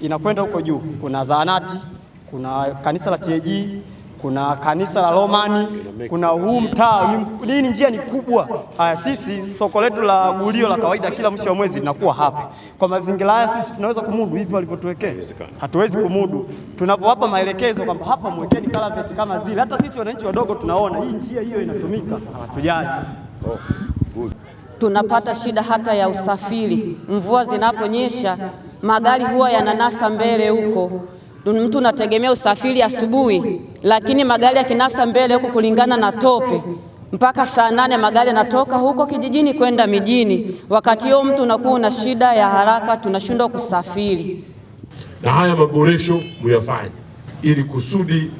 inakwenda huko juu. Kuna zahanati, kuna kanisa la TAG, kuna kanisa la Romani, kuna huu mtaa. Hii ni njia ni kubwa. Haya, sisi soko letu la gulio la kawaida kila mwisho wa mwezi linakuwa hapa. Kwa mazingira haya sisi tunaweza kumudu hivi walivyotuwekea? Hatuwezi kumudu. Tunapowapa maelekezo kwamba hapa mwekeni kalaveti kama zile, hata sisi wananchi wadogo tunaona hii njia hiyo inatumika, hatujali tunapata shida hata ya usafiri mvua zinaponyesha magari huwa yananasa mbele huko, mtu unategemea usafiri asubuhi, lakini magari yakinasa mbele huko kulingana na tope mpaka saa nane magari yanatoka huko kijijini kwenda mijini. Wakati huo mtu unakuwa una shida ya haraka, tunashindwa kusafiri. Na haya maboresho muyafanye, ili kusudi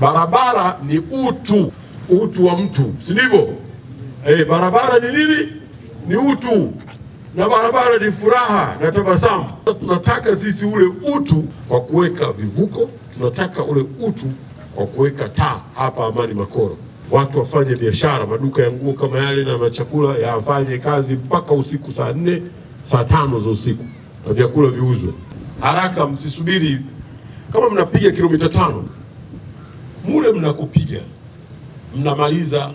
barabara ni utu, utu wa mtu, si ndivyo? Eh, barabara ni nini? Ni utu na barabara ni furaha na tabasamu. Tunataka sisi ule utu kwa kuweka vivuko, tunataka ule utu kwa kuweka taa hapa Amani Makoro. Watu wafanye biashara, maduka ya nguo kama yale na machakula yafanye kazi mpaka usiku saa nne saa tano za usiku, na vyakula viuzwe haraka, msisubiri. Kama mnapiga kilomita tano mule mnakopiga mnamaliza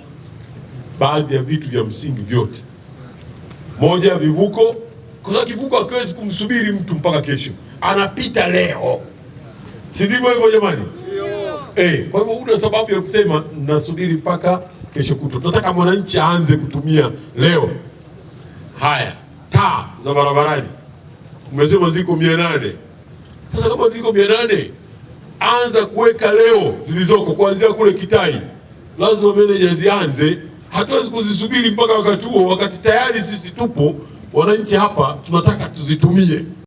baadhi ya vitu vya msingi vyote moja ya vivuko. Kwa kivuko hakiwezi kumsubiri mtu mpaka kesho, anapita leo, si ndivyo hivyo jamani? Hey, eh, kwa hivyo una sababu ya kusema nasubiri mpaka kesho kutwa. Tunataka mwananchi aanze kutumia leo. Haya, taa za barabarani umesema ziko mia nane. Sasa kama ziko mia nane, anza kuweka leo zilizoko kuanzia kule Kitai, lazima meneja zianze hatuwezi kuzisubiri mpaka wakati huo, wakati tayari sisi tupo wananchi hapa, tunataka tuzitumie.